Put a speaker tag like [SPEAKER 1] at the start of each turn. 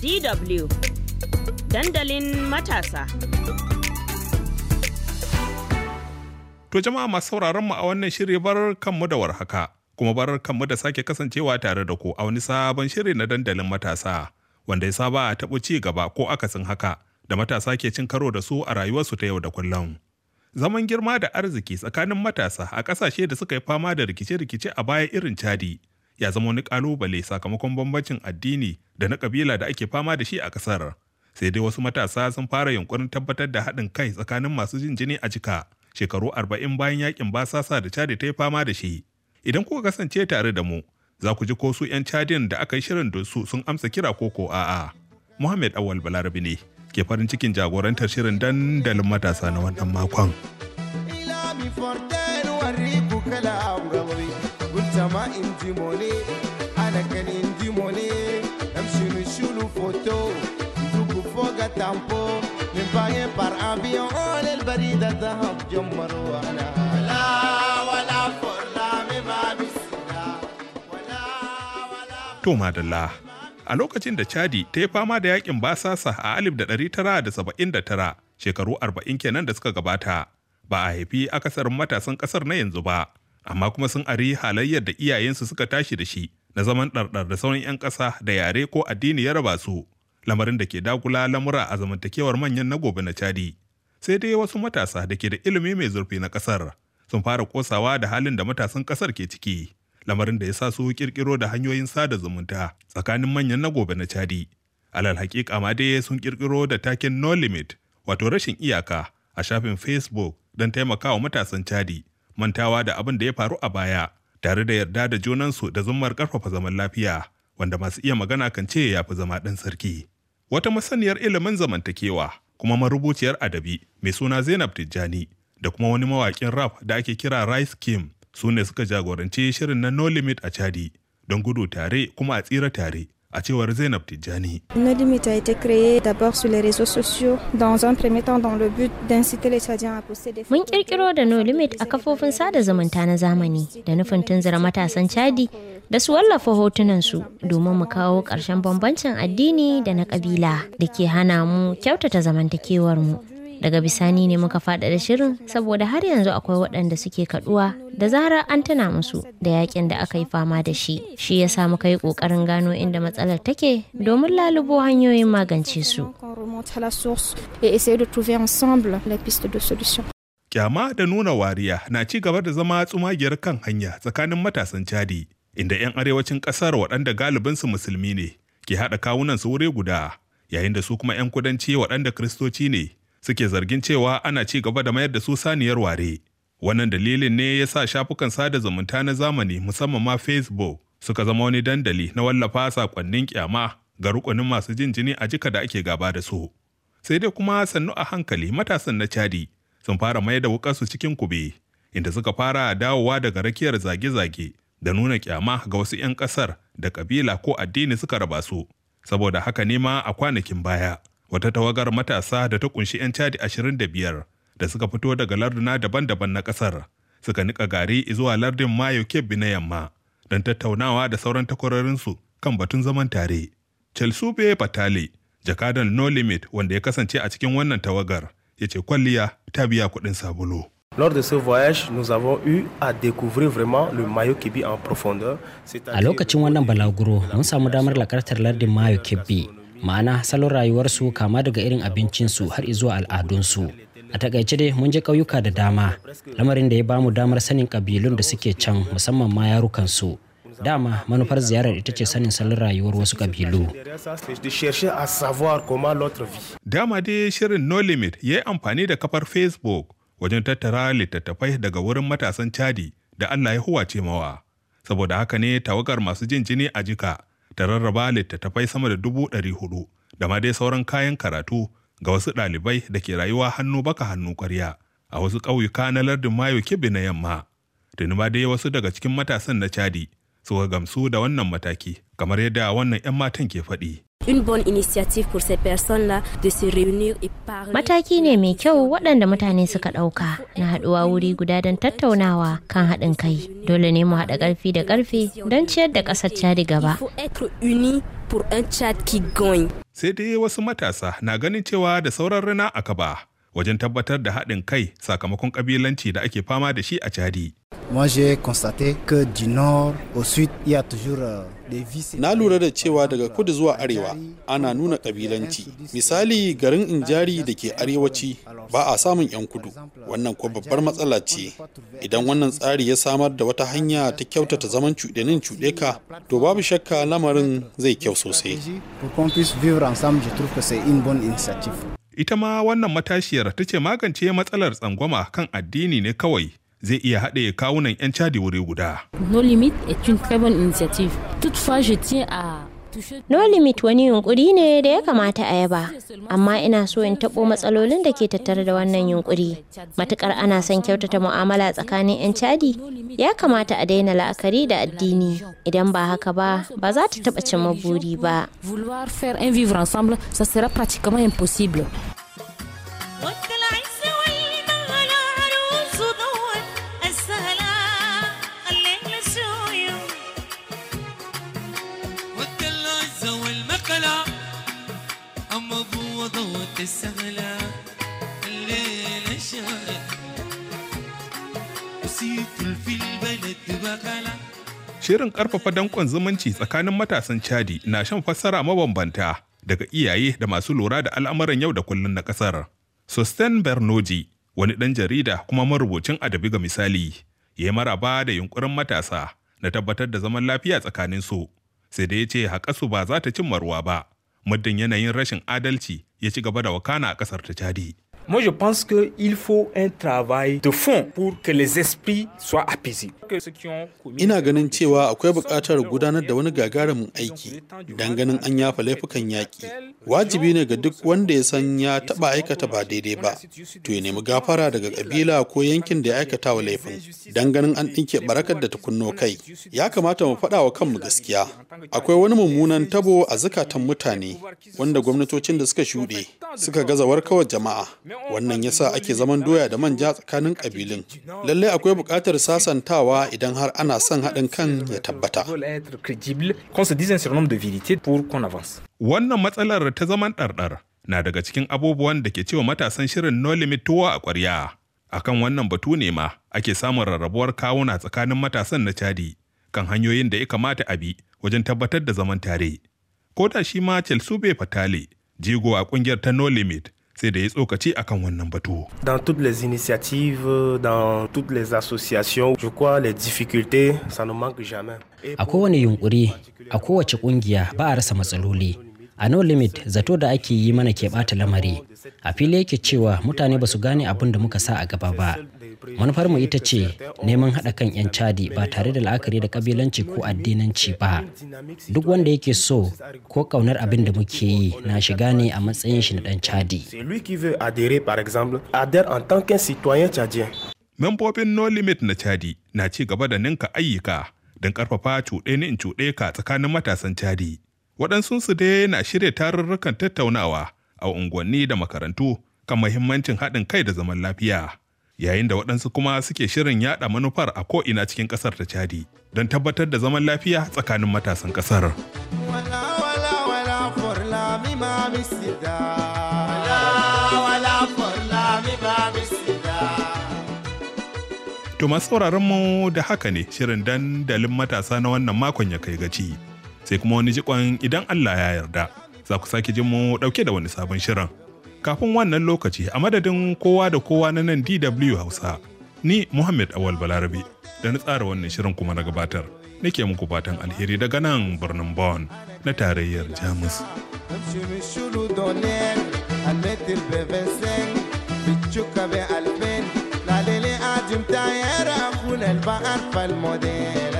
[SPEAKER 1] DW dandalin matasa.
[SPEAKER 2] To jama'a masu sauraron mu a wannan shiri bar kanmu da warhaka kuma bar kanmu da sake kasancewa tare da ku a wani sabon shiri na dandalin matasa wanda ya saba a taɓo ci gaba ko akasin haka da matasa ke cin karo da su a rayuwarsu ta yau da kullum. Zaman girma da arziki tsakanin matasa a ƙasashe da suka yi fama da rikice-rikice a baya irin Chadi ya zama wani kalubale sakamakon bambancin addini da na kabila da ake fama da shi a kasar sai dai wasu matasa sun fara yunkurin tabbatar da haɗin kai tsakanin masu jin jini a jika shekaru arba'in bayan yakin basasa da cadi ta yi fama da shi idan kuka kasance tare da mu za ku ji ko su 'yan cadin da aka yi shirin da su sun amsa kira ko ko a'a muhammad awal balarabi ne ke farin cikin jagorantar shirin dandalin matasa na wannan makon.
[SPEAKER 1] inji mone ana kan inji mone shulu zuku foga tampo
[SPEAKER 2] to madalla a lokacin da chadi ta yi fama da yakin basasa a 1979 shekaru 40 kenan da suka gabata ba a haifi akasarin matasan kasar na yanzu ba amma kuma sun ari halayyar da iyayensu suka tashi da shi na zaman ɗarɗar da sauran 'yan ƙasa da yare ko addini ya raba su lamarin da ke dagula lamura a zamantakewar manyan na gobe na cadi sai dai wasu matasa da ke da ilimi mai zurfi na ƙasar sun fara kosawa da halin da matasan ƙasar ke ciki lamarin da ya sa su kirkiro da hanyoyin sada zumunta tsakanin manyan na gobe na cadi alal haƙiƙa ma dai sun kirkiro da takin no limit wato rashin iyaka a shafin facebook don taimakawa matasan cadi mantawa da abin da ya faru a baya tare da yarda da junansu da zummar karfafa zaman lafiya wanda masu iya magana kan ce ya fi zama ɗan sarki. Wata masaniyar ilimin zamantakewa kuma marubuciyar adabi mai suna Zainab Tijjani da kuma wani mawaƙin rap da ake kira Rice Kim su ne suka jagoranci shirin na No Limit a Chadi don gudu tare kuma a tsira tare a cewar Zainab Tijjani.
[SPEAKER 1] Mun kirkiro da No Limit a kafofin sada zumunta na zamani da nufin tunzura matasan Chadi da su wallafa hotunansu domin mu kawo ƙarshen bambancin addini da na ƙabila da ke hana mu kyautata zamantakewar mu. daga bisani ne muka faɗaɗa shirin saboda har yanzu akwai waɗanda suke kaduwa da zara an tana musu da yakin da aka yi fama da shi shi ya sa muka yi ƙoƙarin gano inda matsalar take domin lalubo hanyoyin magance su
[SPEAKER 2] kyama da nuna wariya na ci gaba da zama tsumagiyar kan hanya tsakanin matasan cadi inda 'yan arewacin kasar waɗanda galibinsu musulmi ne ke haɗa kawunan su wuri guda yayin da su kuma 'yan kudanci waɗanda kristoci ne suke zargin cewa ana ci gaba da mayar da su saniyar ware. Wannan dalilin ne ya sa shafukan sada zumunta na zamani musamman ma Facebook suka zama wani dandali na wallafa sakonnin kyama ga rukunin masu jin jini a jika da ake gaba da su. Sai dai kuma sannu a hankali matasan na Chadi sun fara mayar da su cikin kube, inda suka fara dawowa daga rakiyar zage-zage da nuna kyama ga wasu 'yan ƙasar da ƙabila ko addini suka raba su. Saboda haka ne ma a kwanakin baya, wata tawagar matasa da ta kunshi 'yan cadi 25 da suka fito daga larduna daban-daban na kasar suka nika gari zuwa lardin mayo kebbi na yamma don tattaunawa da sauran takwarorinsu kan batun zaman tare chelsube batali jakadan no limit wanda ya kasance a cikin wannan tawagar ya ce kwalliya ta biya kuɗin sabulu Lors de ce voyage, nous avons eu à découvrir vraiment le Mayo Kibi en profondeur. A lokacin wannan balaguro, mun samu damar lakartar lardin Mayo Kebbi, ma'ana salon rayuwarsu kama daga irin abincinsu har zuwa al'adunsu a takaice dai mun je ƙauyuka da dama lamarin da ya bamu damar sanin ƙabilun da suke can musamman ma yarukansu dama manufar ziyarar ita ce sanin salon rayuwar wasu kabilu. Dama dai shirin No Limit ya yi amfani da kafar Facebook wajen tattara littattafai daga wurin matasan Chadi da Allah ya huwace mawa. Saboda haka ne tawagar masu jin jini a jika da rarraba littattafai sama da dubu ɗari hudu da ma dai sauran kayan karatu ga wasu ɗalibai da ke rayuwa hannu baka hannu ƙwarya a wasu ƙauyuka na lardin mayo kebbi na yamma tuni ma dai wasu daga cikin matasan na cadi suka gamsu da wannan mataki kamar yadda wannan 'yan matan ke faɗi
[SPEAKER 1] une bonne initiative pour ces personnes-là de se réunir et parler. Mataki ne mai kyau waɗanda mutane suka ɗauka na haɗuwa wuri guda don tattaunawa kan haɗin kai. Dole ne mu haɗa ƙarfi da ƙarfi don ciyar da ƙasar Chad gaba.
[SPEAKER 2] Sai dai wasu matasa na ganin cewa da sauran rana a ba. wajen tabbatar da haɗin kai sakamakon ƙabilanci da ake fama da shi a cadi. Euh,
[SPEAKER 3] Na lura da cewa daga kudu zuwa arewa ana nuna ƙabilanci. Misali garin Injari da ke arewaci ba a samun 'yan kudu. Wannan kuwa babbar matsala ce. Idan wannan tsari ya samar da wata hanya ta kyautata zaman cuɗenin cuɗeka, to babu shakka lamarin zai kyau sosai.
[SPEAKER 2] ita ma wannan matashiyar ta ce magance matsalar tsangwama kan addini ne kawai zai iya haɗe kawunan 'yan cadi wuri guda.
[SPEAKER 1] No Limit a une très bonne initiative. je tiens à No limit wani yunkuri ne da ya kamata a yaba, amma ina so in taɓo matsalolin da ke tattare da wannan yunkuri. Matukar ana son kyautata mu'amala tsakanin 'yan cadi, ya kamata a daina la'akari da addini, idan ba haka ba, ba za ta taɓa cin maburi ba.
[SPEAKER 2] Shirin ƙarfafa danƙon zumunci tsakanin matasan Chadi na shan fassara mabambanta daga iyaye da masu lura da al'amuran yau da kullum na ƙasar. Sosten Bernoji, wani ɗan jarida kuma marubucin adabi ga misali, ya yi maraba da yunƙurin matasa na tabbatar da zaman lafiya tsakanin su, sai da ya ce haƙasu ba za ta cin maruwa ba. muddin yanayin rashin adalci ya ci gaba da wakana a
[SPEAKER 3] kasar ta Chadi. Moi, je pense qu'il faut un travail de fond pour que les esprits soient apaisés. Ina ganin cewa akwai buƙatar gudanar da wani gagarumin aiki dan ganin an yafa laifukan yaƙi wajibi ne ga duk wanda ya san ya taɓa aikata ba daidai ba to ya nemi gafara daga kabila ko yankin da ya aikata wa laifin dan ganin an ɗinke barakar da ta kai ya kamata mu faɗa wa kanmu gaskiya akwai wani mummunan tabo a zukatan mutane wanda gwamnatocin da suka shuɗe suka gaza warkawar jama'a wannan yasa ake zaman doya da manja tsakanin kabilun lallai akwai buƙatar sasantawa idan har ana son haɗin kan ya tabbata.
[SPEAKER 2] Wannan matsalar ta zaman ɗarɗar na daga cikin abubuwan da ke cewa matasan shirin No Limit tuwa a ƙwarya. Akan wannan batu ne ma ake samun rarrabuwar kawuna tsakanin matasan na cadi kan hanyoyin da ya kamata a bi wajen tabbatar da zaman tare. Ko da shi ma Chelsube Fatale, jigo a ƙungiyar ta No Limit, sai da ya tsokaci akan wannan batu. Dans toutes les initiatives, dans toutes les associations, je crois les difficultés, ça ne manque jamais. A kowane yunkuri, a kowace ƙungiya ba a rasa matsaloli. a no limit zato da ake yi mana ke bata lamari a fili yake cewa mutane ba su gane abin da muka sa a gaba ba manufar mu ita ce neman haɗa kan 'yan cadi ba tare da la'akari da kabilanci ko addinanci ba duk wanda yake so ko kaunar abin da muke yi na shiga ne a matsayin shi na dan cadi membobin no limit na cadi na ci gaba da ninka ayyuka don karfafa cuɗe ni in cuɗe ka tsakanin matasan cadi waɗansunsu dai na shirya tarurrukan tattaunawa a unguwanni da makarantu kan muhimmancin haɗin kai da zaman lafiya yayin da waɗansu kuma suke shirin yaɗa manufar a ko'ina cikin ƙasar ta cadi don tabbatar da zaman lafiya tsakanin matasan ƙasar. To masu mu da haka ne shirin dandalin matasa na wannan makon ya kai gaci. sai kuma wani jikon idan Allah ya yarda za ku sake jin mu dauke da wani sabon shirin. Kafin wannan lokaci a madadin kowa da kowa na nan DW Hausa, ni Muhammad Awal Balarabe da na tsara wannan shirin kuma na gabatar. Nake muku fatan alheri daga nan birnin Bon, na tarayyar Jamus.
[SPEAKER 1] بتشوكا بقلبين لا ليلي قاعد